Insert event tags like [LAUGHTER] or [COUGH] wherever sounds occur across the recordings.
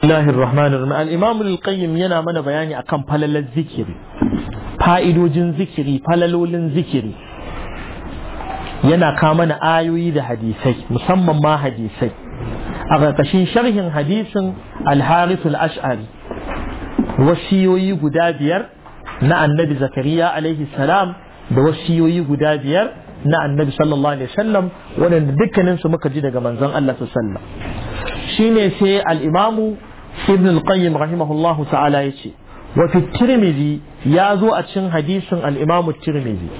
Allahin Rahmanir Rahim yana mana bayani akan falalar zikiri Fa'idodin zikiri falalolin zikiri yana ka mana ayoyi da hadisai musamman ma hadisai a ƙarƙashin sharhin hadisin al-Harith al-Ash'ari wasiyoyi guda biyar na Annabi Zakariya alaihi salam da wasiyoyi guda biyar na Annabi sallallahu alaihi wasallam waɗanda dukkaninsu muka ji daga manzon Allah sallallahu sai al ibn al-qayyim rahimahullahu ta'ala yace wa fi tirmidhi ya zo a cikin hadisin al-imam tirmidhi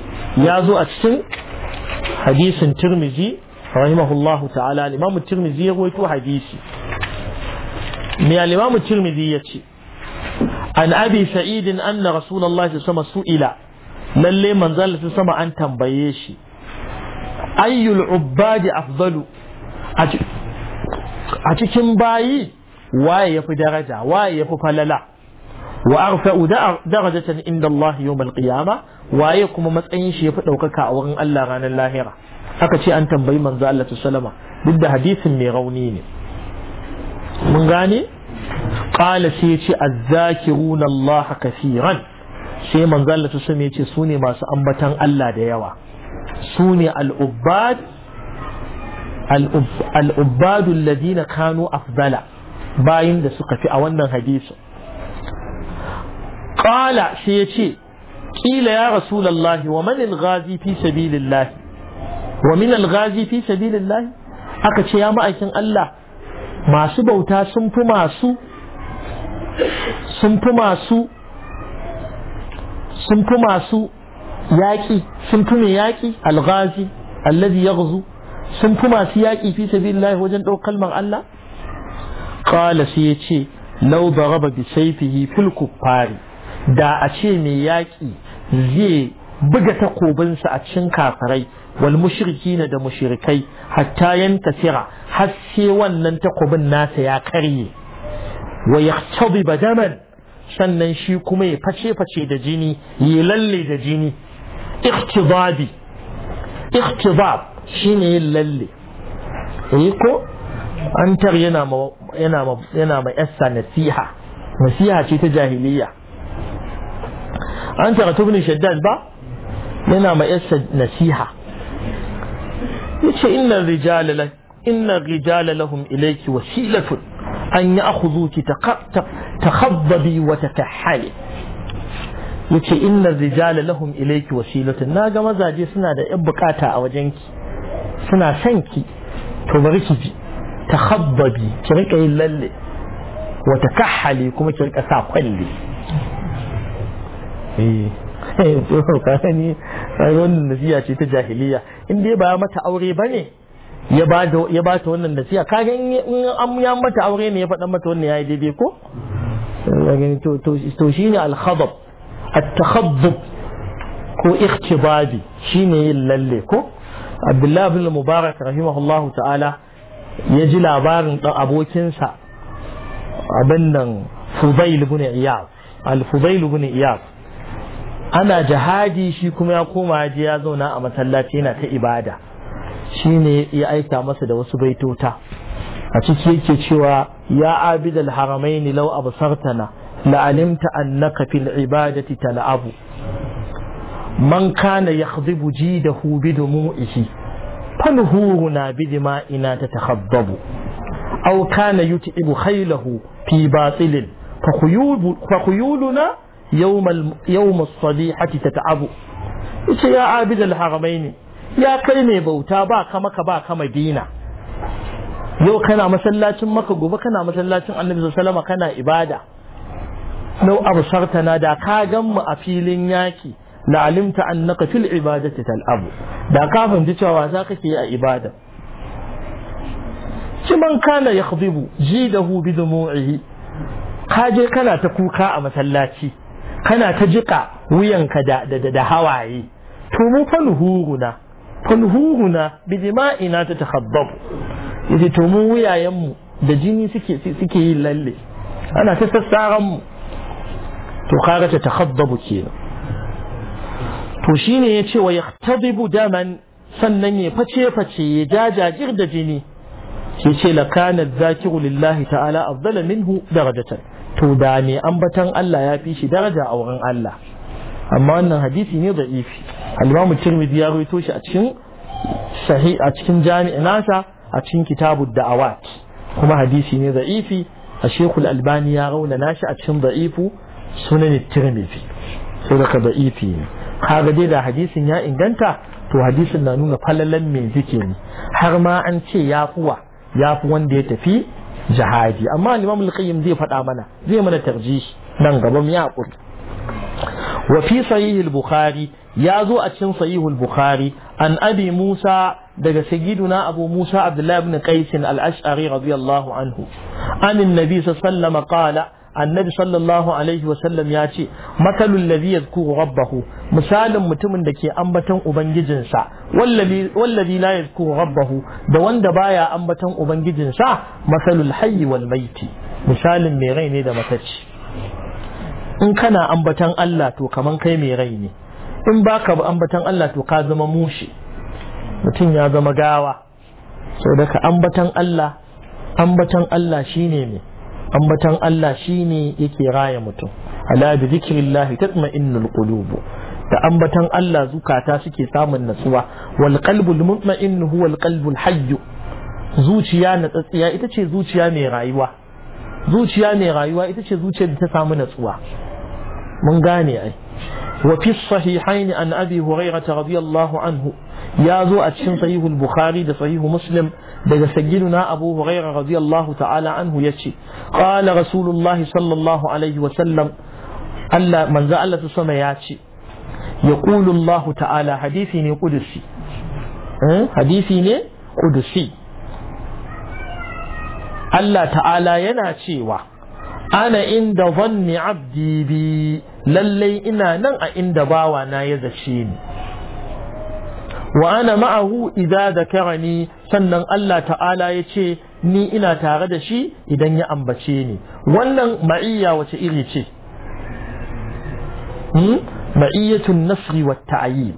ya zo a cikin hadisin tirmidhi rahimahullahu ta'ala al-imam tirmidhi ya rawaito hadisi me al-imam tirmidhi yace an abi sa'id anna rasulullahi sama su'ila lalle manzal su sama an tambaye shi ayyul ubbadi afdalu a cikin bayi waye yafi daraja waye yafi falala wa arfa'u darajatan inda Allah yawmal qiyama waye kuma matsayin shi yafi daukaka a wurin Allah ranar lahira aka ce an tambayi manzo Allah sallama duk da hadisin mai rauni ne mun gane qala sai yace azzakiruna Allah kaseeran sai manzo Allah sallama yace sune ne masu ambatan Allah da yawa sune ne al-ubbad al-ubbad ladina kanu afdala bayin da suka fi a wannan hadisu. qala shi yace ƙila ya rasulullahi wa man al fi sabilillahi? wa min al fi sabilillahi? aka ce ya ma'aikin Allah masu bauta sun fi masu sun fi masu sun fi masu yaƙi sun fi mai yaƙi alghazi allazi yaghzu sun fi masu yaƙi fi sabilillahi wajen ɗaukar kalmar Allah قال سيتي لو ضرب بسيفه في الكفار دا أشي مياكي زي بغتا قوبنسا أتشن كافري والمشركين دا مشركي حتى ينتسر حسي ونن تقوبن ناس يا كري ويختضي بدما سنن شيكمي فشي فشي دا جيني يللي دا جيني اختضابي اختضاب شيني يللي ايكو an tar yana ma yana ma yana ma yassa nasiha nasiha ce ta jahiliya an tar tubni shaddad ba yana ma yassa nasiha yace inna rijala la inna rijala lahum ilayki wasilatun an ya'khudhuki takhabbi wa takahhali yace inna rijala lahum ilayki wasilatun naga mazaje suna da yan bukata a wajenki suna sanki to bari ki ji takhabbabi ki rika yin lalle wa takahhali kuma ki rika sa kwalle eh, [LAUGHS] eh ni wannan nasiya ce ta jahiliya in dai ba mata aure bane ya ba ya ba ta wannan nasiya kaga in an ya mata aure ne ya faɗa mata wannan yayi daidai ko to to to shine al-khadab at-takhabbub ko ikhtibabi shine yin lalle ko Abdullahi bin Mubarak rahimahullahu ta'ala ya ji labarin ɗan abokinsa abin nan fudail ibn iyaz al ana jihadi shi kuma ya koma ji ya zauna a masallaci yana ta ibada Shi ne ya aika masa da wasu baitota a ciki yake cewa ya abidal haramain law absartana la alimta annaka fil ibadati tal'abu man kana yakhdhibu jidahu bidumu'ihi فنهورنا بدمائنا تتخضب أو كان يتئب خيله في باطل فخيول فخيولنا يوم يوم الصبيحة تتعب يا عابد الحرمين يا كلمة بوتا باك مكة باك مدينة yau kana masallacin maka gobe kana masallacin annabi sallama kana ibada lau absartana da ka gan mu a filin yaki la'alimta annaka fil ibadati tal'abu da ka fahimci cewa za kake yi a ibada kiman kana yakhdibu jidahu bi dumu'ihi ka je kana ta kuka a masallaci kana ta jika wuyanka da da da hawaye to mu fa nuhuruna fa nuhuruna bi dima'ina tatakhaddabu yace to mu wuyayen mu da jini suke suke yin lalle ana ta sassaran mu to kaga ta takhaddabu kenan to ne ya ce wa yahtadibu daman sannan ya face face ya jajajir da jini shi ce la kana zakiru lillahi ta'ala afdala minhu darajatan to da ne ambatan Allah ya fi shi daraja a wurin Allah amma wannan hadisi ne da ifi al Tirmidhi ya rawaito shi a cikin a cikin jami'in nasa a cikin da da'awat kuma hadisi ne da ifi a shekul Albani ya rauna nashi a cikin da'ifu sunan Tirmidhi saboda ka da'ifi ne kaga dai da hadisin ya inganta to hadisin na nuna falalan mai zikiri har ma an ce ya fuwa ya fi wanda ya tafi jihadi amma imam al-qayyim zai faɗa mana zai mana tarjihi nan gaban ya kuri wa fi sahih al-bukhari ya zo a cikin sahih al-bukhari an abi musa daga sayyiduna abu musa abdullahi ibn qais al-ash'ari radiyallahu anhu an annabi sallallahu alaihi wasallam qala annabi sallallahu alaihi wasallam ya ce matalul ladhi yadhkuru rabbahu misalin mutumin da ke ambaton ubangijinsa wallazi la yadhkuru rabbahu da wanda baya ambaton ubangijinsa masalul hayyi wal maiti misalin mai rai ne da matacci in kana ambaton Allah to kaman kai mai rai ne in baka ambaton Allah to ka zama mushi mutum ya zama gawa Sau daga ambaton Allah ambaton Allah shine ne ambatan Allah shine yake raya mutum ala bi zikrillah tatma'innul qulub da ambatan Allah zukata suke samun natsuwa wal qalbul mutma'in huwa al qalbul hayy zuciya natsatsiya ita ce zuciya mai rayuwa zuciya mai rayuwa ita ce zuciyar da ta samu natsuwa mun gane ai wa fi sahihaini an abi hurairah radiyallahu anhu ya zo a cikin sahihul bukhari da sahihu muslim daga sayyiduna abu hurairah radiyallahu ta'ala anhu ya ce. qala rasulullahi sallallahu alaihi wa sallam Allah manzo Allah ta sama ya ce yaqulu Allah ta'ala hadisi ne kudusi eh, hadisi ne kudusi Allah ta'ala yana cewa ana inda zanni abdi bi lallai ina nan a inda bawa na ya zace ni wa ana ma'ahu idza dhakarani sannan Allah ta'ala ya ce ni ina tare da shi idan ya ambace ni wannan ma'iyya wace iri ce hmm? ma'iyyatun nasri wa ta'ayyid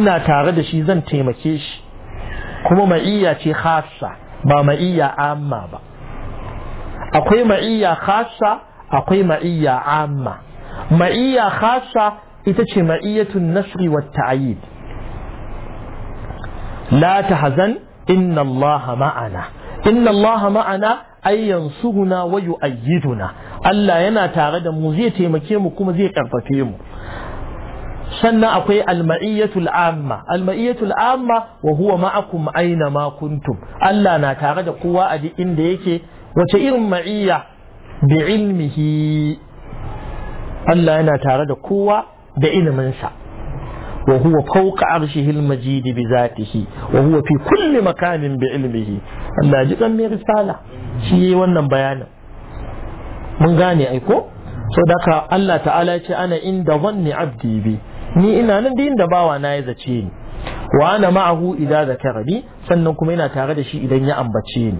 ina tare da shi zan taimake shi kuma ma'iyya ce khassa ba ma'iyya amma ba akwai ma'iyya khassa akwai ma'iyya amma ma'iyya khassa ita ce ma'iyyatun nasri wa ta'ayyid la tahzan inna Allah ma'ana inna Allah ma'ana ay yansuruna wa ayyiduna. Allah yana tare da mu zai taimake mu kuma zai karfafe mu sannan akwai alma'iyyatul amma alma'iyyatul amma wa huwa ma'akum aina ma Allah na tare da kowa a duk inda yake wace irin ma'iyya bi ilmihi Allah yana tare da kowa da iliminsa وهو فوق عرشه المجيد بذاته وهو في كل مكان بعلمه الله جدا من رسالة شيء ونن بيانا من غاني أيكو صدق الله تعالى أنا عند ظن عبدي بي ni ina nan da inda bawa na ya zace ni wa ana ma'ahu idza zakarani sannan kuma yana tare da shi idan ya ambace ni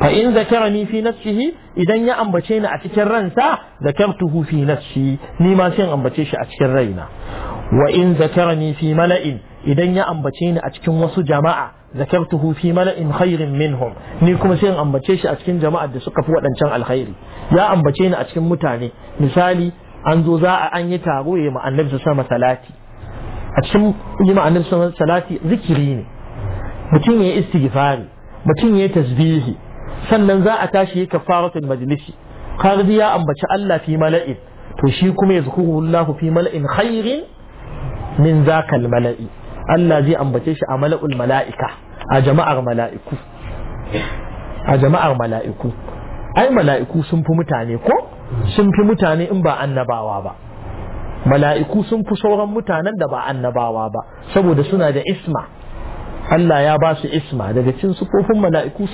fa in zakarani fi nafsihi idan ya ambace ni a cikin ransa zakartuhu fi ni ma sai ambace shi a cikin raina wa in zakarani fi mala'in idan ya ambace ni a cikin wasu jama'a zakartuhu fi mala'in khairin minhum ni kuma sai in ambace shi a cikin jama'ar da suka fi waɗancan alkhairi ya ambace ni a cikin mutane misali an zo za a an yi taro ya ma'annabi sama salati a cikin yi ma'annabi sama salati zikiri ne mutum ya yi istighfari mutum ya yi tasbihi sannan za a tashi ya kafaratul majlisi kardi ya ambaci Allah fi mala'in to shi kuma ya zukuhu Allah fi mala'in khairin min zakal mala'i Allah zai ambace shi a mala'ul mala'ika a jama'ar mala'iku a jama'ar mala'iku ai mala'iku sun fi mutane ko sun fi mutane in ba annabawa ba mala'iku sun fi sauran mutanen da ba annabawa ba saboda suna da isma Allah ya ba su isma daga cin sufofin mala'iku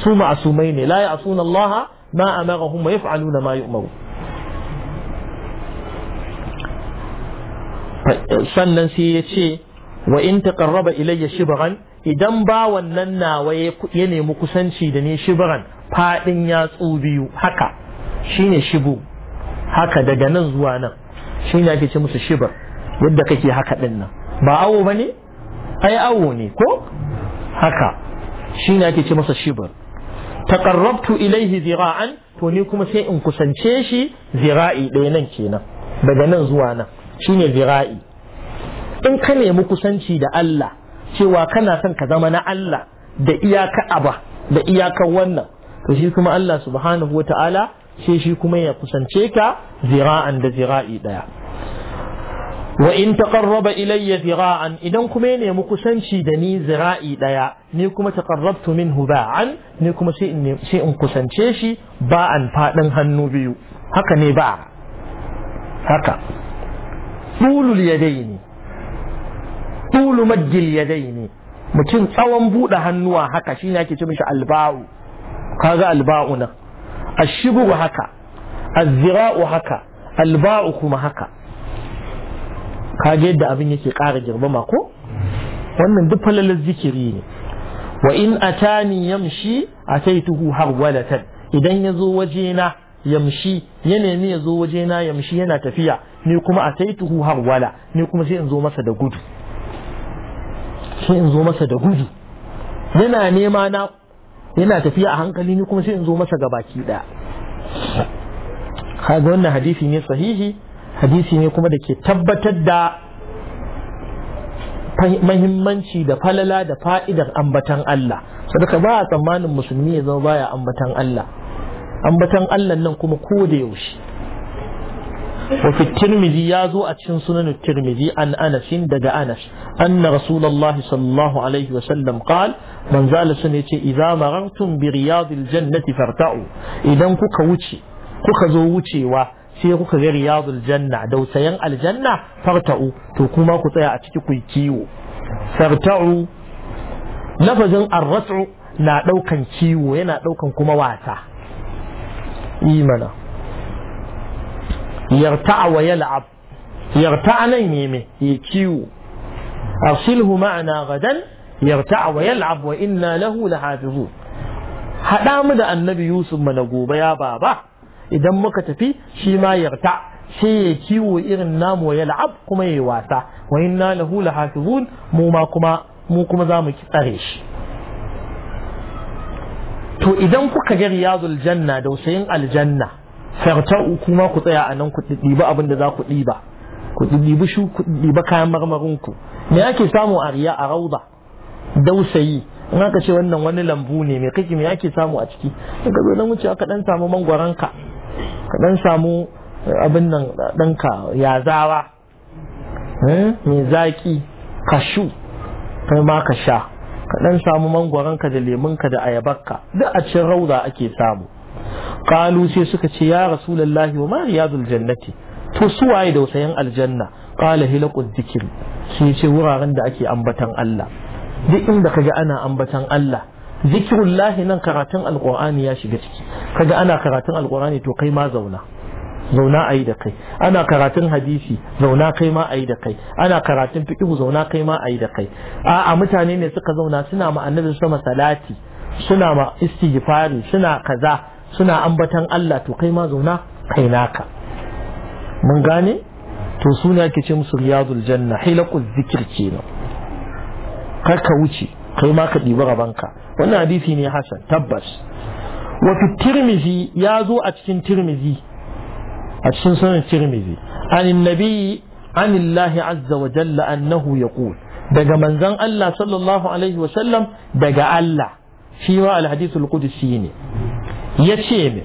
su ma'asumai ne la ya'suna Allah ma amarahum wa yaf'aluna ma yu'maru sannan sai ya ce wa in taqarraba ilayya shibran idan ba wannan nawa ya nemi kusanci da ni shibran fadin yatsu biyu haka shine shibu haka daga nan zuwa nan shine ake ce musu shibar yadda kake haka din nan ba awo bane ai awo ne ko haka shine ake ce masa shibar taqarrabtu ilayhi zira'an to ni kuma sai in kusance shi zira'i ɗaya nan kenan daga nan zuwa nan shine zira'i in ka nemi kusanci da Allah cewa kana son ka zama na Allah da iyaka aba da iyakan wannan to shi kuma Allah subhanahu wa ta'ala sai shi kuma ya kusance ka zira'an da zira'i daya wa in taqarraba ilayya zira'an idan kuma ya nemi kusanci da ni zira'i daya ni kuma taqarrabtu minhu ba'an ni kuma sai in sai in kusance shi ba'an fadin hannu biyu haka ne ba haka tulul yadaini tulu majjil yadaini mutum tsawon buɗe hannuwa haka shine ake ce mishi alba'u ga alba'u nan ashibu haka zira'u haka alba'u kuma haka ga yadda abin yake ƙara girmama ko wannan duk falalar zikiri ne wa in atani yamshi ataituhu harwalatan idan yazo wajena yamshi ya nemi ya zo waje na yamshi yana tafiya ni kuma a sai tuhu harwala ni kuma sai in zo masa da gudu sai in zo masa da gudu yana nema na yana tafiya a hankali ni kuma sai in zo masa ga baki daya kaga wannan hadisi ne sahihi hadisi ne kuma da ke tabbatar da mahimmanci da falala da fa'idar ambatan Allah sadaka ba a tsammanin musulmi ya zama baya ambatan Allah ambatan Allah nan kuma ko da yaushe wafi tirmizi ya zo a cikin sunan tirmizi an anasin daga anas anna rasulullahi sallallahu alaihi wasallam qal man zala sun yace idza marartum bi riyadil jannati farta'u idan kuka wuce kuka zo wucewa sai kuka ga riyadul janna da wutsayan aljanna farta'u to kuma ku tsaya a ciki ku kiwo farta'u lafazin arrat'u na ɗaukan kiwo yana ɗaukan kuma wata إيمانا يرتع ويلعب يرتع نيميمي يكيو أرسله معنا غدا يرتع ويلعب وإنا له لحافظون هذا مدى النبي يوسف من أقوب يا بابا إذا ما كتفي شي ما يرتع شي يكيو إغنام ويلعب كما يواسع وإنا له لحافظون مو ما كما مو كما زامك أريش to idan kuka ga riyadul janna dausayin aljanna farta'u kuma ku tsaya a nan ku ɗiba abin da za ku ɗiba ku ɗibi shu ku ɗiba kayan marmarin ku me ake samu a riya a rauda dausayi in aka ce wannan wani lambu ne me kake me ake samu a ciki in ka zo nan wuce ka dan samu mangwaranka ka Ka dan samu abin nan ɗanka zawa? Eh, me zaki kashu kai ma ka sha ka dan samu ka da lemunka da ka duk a cikin rauda ake samu qalu sai suka ce ya rasulullahi wa ma riyadul jannati to su waye da wasayan aljanna qala hilaqud zikri sai ce wuraren da ake ambatan Allah duk inda kaga ana ambatan Allah zikrullahi nan karatun alqur'ani ya shiga ciki kaga ana karatun alqur'ani to kai ma zauna zauna a yi da kai ana karatun hadisi zauna kai ma a yi da kai ana karatun fiqhu zauna kai ma a yi da kai a'a mutane ne suka zauna suna ma annabi sama salati suna ma istighfari suna kaza suna ambatan Allah to kai ma zauna kai naka mun gane to suna ke ce musu riyadul janna hilaqul zikir kenan kar ka wuce kai ma ka ɗibi rabanka wannan hadisi ne hasan tabbas wa fi tirmizi ya zo a cikin tirmizi sun sanin tirmizi an nabi an Allah azza wa jalla annahu yaqul daga manzon Allah sallallahu alaihi wa sallam daga Allah shi ma al hadith al qudsi ne yace ne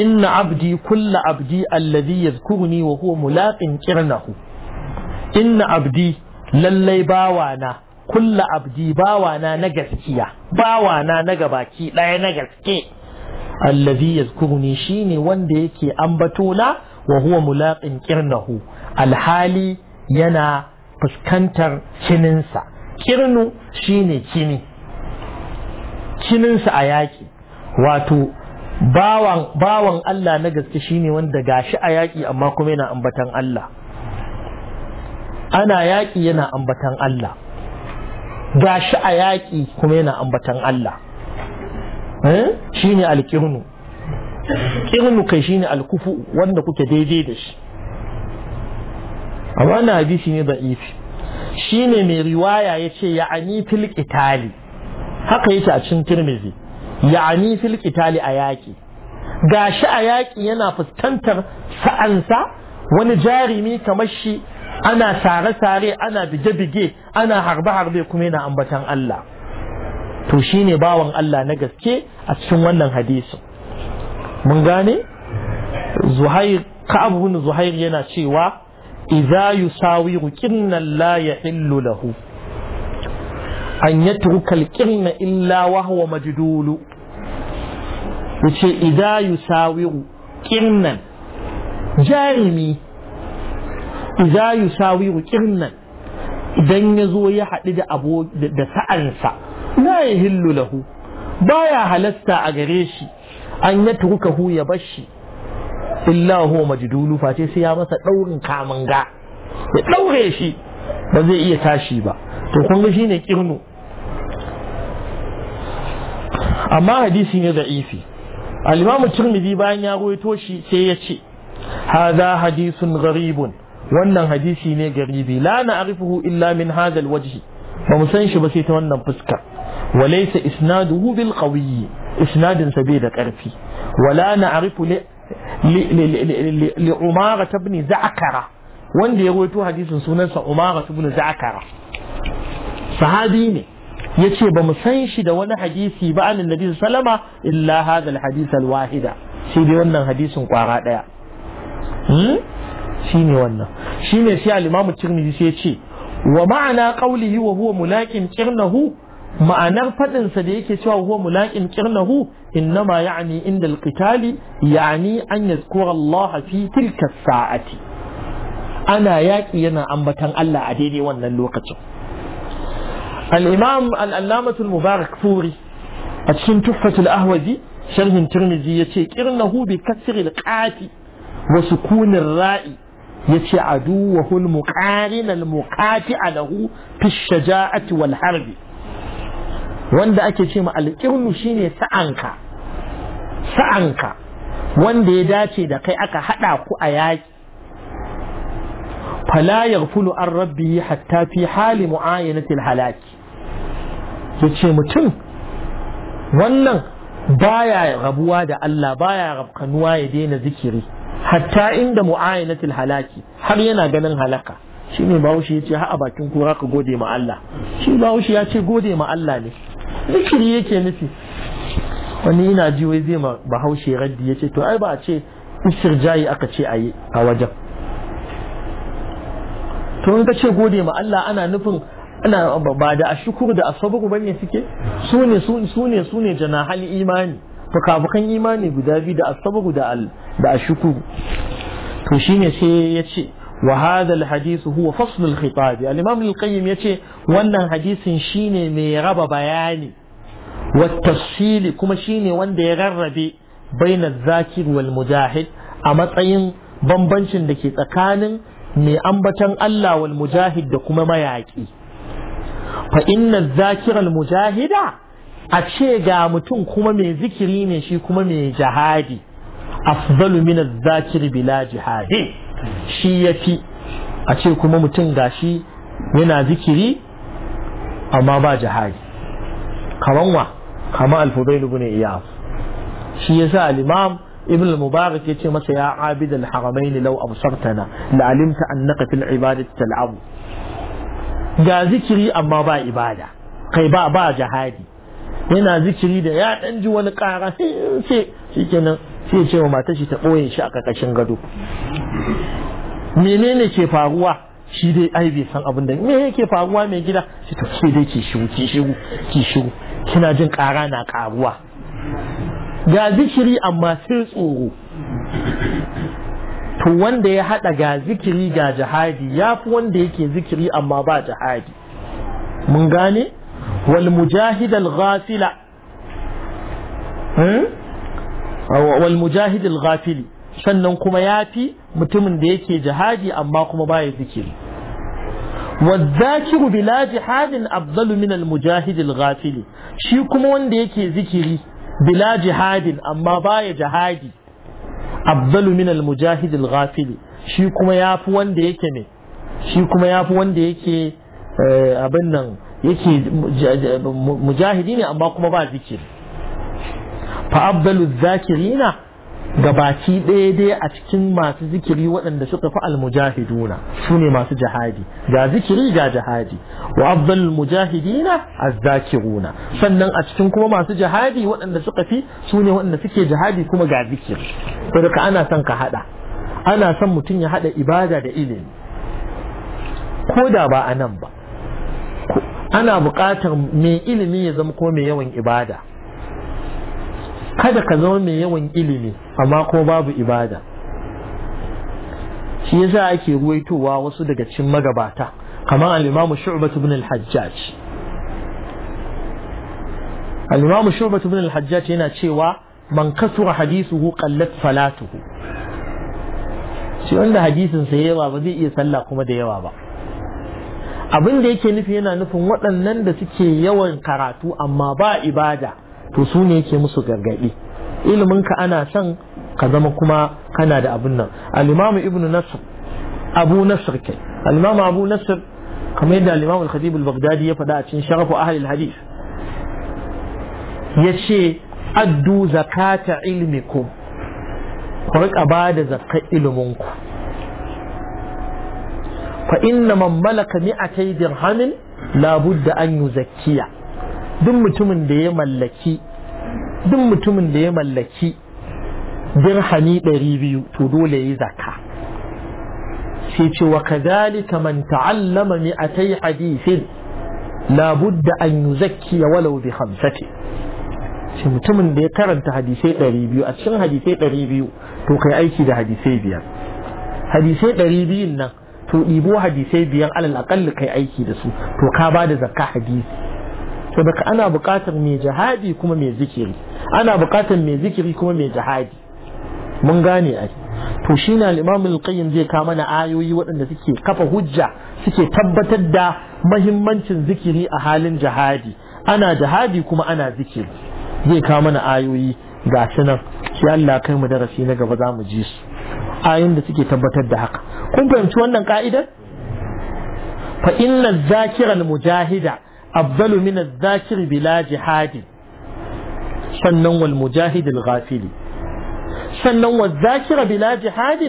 inna abdi kullu abdi alladhi yadhkuruni wa huwa mulaqin qirnahu inna abdi lallai bawana kullu abdi bawana na gaskiya bawana na gabaki daya na gaske. allazi yazkuruni shine wanda yake ambato na wa huwa mulaqin qirnahu alhali yana fuskantar kininsa kirnu shine kini kininsa a yaƙi wato bawan bawan Allah na gaske shine wanda gashi a yaƙi amma kuma yana ambatan Allah ana yaƙi yana ambatan Allah gashi a yaƙi kuma yana ambatan Allah Eh? Shi ne alkirnu kirnu kai ne alkufu wanda kuke daidai da shi A wannan hadisi ne da ifi ne mai riwaya ya ce ya'ani fil qitali haka yake a cin tirmidhi ya'ani fil qitali a Ga shi a yaƙi yana fuskantar sa'ansa wani jarimi kamar shi ana sare-sare ana bige-bige ana harbe-harbe kuma yana ambatan Allah to shi ne bawan Allah na gaske a cikin wannan hadisin mun gane zuhair ka'ab ibn zuhair yana cewa idza yusawiru qinnan la yahillu lahu an yatruka al-qirna illa wa huwa majdulu yace idza yusawiru qirnan jarimi idza yusawiru qirnan idan ya zo ya haɗu da abo da sa'ansa la yahillu lahu baya halasta a gare shi an ya hu ya bashi illa huwa majdulu face sai ya masa daurin kamanga ya daure shi ba zai iya tashi ba to kun ga shine kirnu amma hadisi ne da'ifi al-imamu tirmidhi bayan ya ruwaito shi sai ya ce hadha hadithun gharibun wannan hadisi ne garibi la na arifuhu illa min hadha al-wajhi ba mu san shi ba sai ta wannan fuska. وليس إسناده بالقوي إسناد سبيل كرفي ولا نعرف لعمارة بن زعكرة وان دي رويتو حديث سنة عمارة بن زعكرة صحابيني yace ba mu san shi da wani hadisi ba an nabi sallama illa hadha alhadith alwahida shi dai wannan hadisin kwara daya hmm? shine wannan shine sai al-imam tirmidhi sai yace wa ma'ana qawlihi wa huwa mulaqin qirnahu ma'anar faɗinsa da yake cewa huwa mulaƙin ƙirnahu innama ya'ni inda alƙitali ya'ni an yazkura Allah fi tilka sa'ati ana yaƙi yana ambatan Allah a daidai wannan lokacin al-imam al-allamatul mubarak furi a cikin tuhfatul ahwazi sharhin tirmizi yace ƙirnahu bi kasril qati wa sukunir ra'i yace aduwahul muqarinal muqati alahu fi shaja'ati wal harbi wanda ake ce alƙirnu shine sa'anka sa'anka wanda ya dace da kai aka haɗa ku a yaƙi fala yaghfulu an rabbi hatta fi hali mu'ayanatil halaki yace mutum wannan baya rabuwa da Allah baya rabkanuwa ya daina zikiri hatta inda mu'ayanatil halaki har yana ganin halaka shine bahaushe yace ha'a a bakin kura ka gode ma Allah shi bahaushe ya ce gode ma Allah ne zikiri yake nufi wani ina ji wai zai bahaushe raddi ya ce to ai ba a ce istirjayi aka ce a yi a wajen to in ka ce gode ma Allah ana nufin ana ba da shukur da asabu ne suke su ne su ne su ne janahal imani fukafukan imani guda biyu da asabu da al da to shine sai ya ce wa hadha al huwa fasl al khitab al imam al yace wannan hadisin shine mai raba bayani والتفصيل كما شيني وان دي غربي بين الذاكر والمجاهد أما تأين بمبنشن دكي تكان مي أنبتن الله والمجاهد دكما ما يعكي فإن الذاكر المجاهد أتشي غامتون كما مي ذكرين شي كما مي جهادي afdalu min zakiri bila jihadi shi yafi a ce kuma mutum gashi yana zikiri amma ba jihadi kaman wa kama al-fudail ibn iyas shi yasa al-imam ibn al-mubarak yace masa ya abid al-haramain law absartana la alimta annaka fil ibadat tal'abu ga zikiri amma ba ibada kai ba ba jihadi yana zikiri da ya dan ji wani kara sai shikenan sai ce wa matar shi ta boye shi a kakashin gado menene ke faruwa shi dai ai bai san abin da me yake faruwa mai gida shi ta ce dai ki shiru ki shiru ki shiru kina jin ƙara na ƙaruwa ga zikiri amma sai tsoro to wanda ya haɗa ga zikiri ga jihadi ya fi wanda yake zikiri amma ba jihadi mun gane wal mujahid al ghafila hmm? wal mujahid al ghafili sannan kuma ya fi mutumin da yake jihadi amma kuma baya zikiri والذاكر بلا جهاد أفضل من المجاهد الغافل شي كما wanda yake zikiri bila jihadin amma baya jihadi afdalu al-mujahid al shi kuma yafi wanda yake ne shi kuma yafi wanda yake abin nan yake mujahidi ne amma kuma ba zikiri fa afdalu gabaki ɗaya dai a cikin masu zikiri waɗanda suka fi almujahiduna su ne masu jihadi ga zikiri ga jihadi wa abdul mujahidina azzakiruna sannan a cikin kuma masu jihadi waɗanda suka fi su ne waɗanda suke jihadi kuma ga zikiri ka ana son ka haɗa ana son mutum ya haɗa ibada da ilimi ko da ba a nan ba ana buƙatar mai ilimi ya zama ko mai yawan ibada kada ka zama mai yawan ilimi amma ko babu ibada shi yasa ake ruwaitowa wasu daga cikin magabata kamar al imamu Shu'bah ibn al-Hajjaj al imamu Shu'bah ibn al-Hajjaj yana cewa man kasura hadithuhu qallat salatuhu shi wanda hadisin sa yawa ba zai iya sallah kuma da yawa ba abin da yake nufi yana nufin waɗannan da suke yawan karatu amma ba ibada to su ne yake musu gargaɗi? ilimin ka ana son ka zama kuma kana da abun nan Alimamu ibnu nasr abu nasr ke? Alimamu abu nasr kamar yadda Alimamu al-khatib al-baghdadi ya faɗa a cikin sharafu ahli al-hadith yace addu zakata ilmikum ku riƙa ba da zakar iliminku fa inna man malaka mi'atai dirhamin labudda an yuzakkiya duk mutumin da ya mallaki duk mutumin da ya mallaki dirhami ɗari biyu to dole ya yi zakka sai ce wa kadhalika man ta'allama mi'atai hadithin la budda an yuzakkiya walau bi khamsati shi mutumin da ya karanta hadisai ɗari biyu a cikin hadisai ɗari biyu to kai aiki da hadisai biyar hadisai ɗari biyun nan to ɗibo hadisai biyar alal aƙalli kai aiki da su to ka ba da zakka hadisi saboda ana buƙatar mai jihadi kuma mai zikiri ana buƙatar mai zikiri kuma mai jihadi mun gane ai to shi na al al-qayyim zai kama mana ayoyi waɗanda suke kafa hujja suke tabbatar da mahimmancin zikiri a halin jihadi ana jihadi kuma ana zikiri zai kama mana ayoyi ga shi nan shi Allah kai mu darasi na gaba za mu ji su ayoyin da suke tabbatar da haka kun fahimci wannan ka'idar fa inna zakiran mujahida afdalu min adh-dhakir bila jihadin sannan wal mujahid al-ghafili sannan wadh-dhakira bila jihad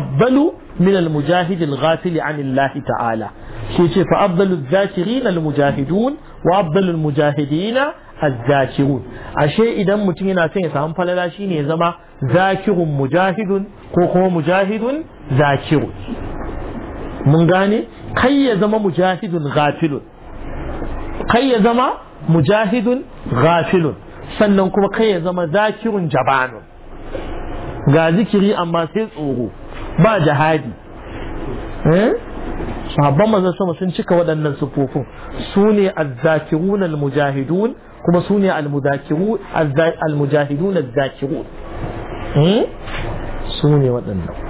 afdalu min al-mujahid al-ghafili an Allah ta'ala shi ce fa afdalu adh-dhakirin mujahidun wa afdalu al-mujahidina azzakirun ashe idan mutum yana son ya samu falala shine ya zama zakiru mujahidun ko kuma mujahidun zakiru mun gane kai ya zama mujahidun ghafilun kai ya zama mujahidun ghafilun sannan kuma kai ya zama zakirun jabanun ga zikiri amma sai tsoro ba jihadi eh? sahabban manzon sama sun cika waɗannan sufofin su ne azzakirun almujahidun kuma su ne almujahidun azzakirun hmm? su ne waɗannan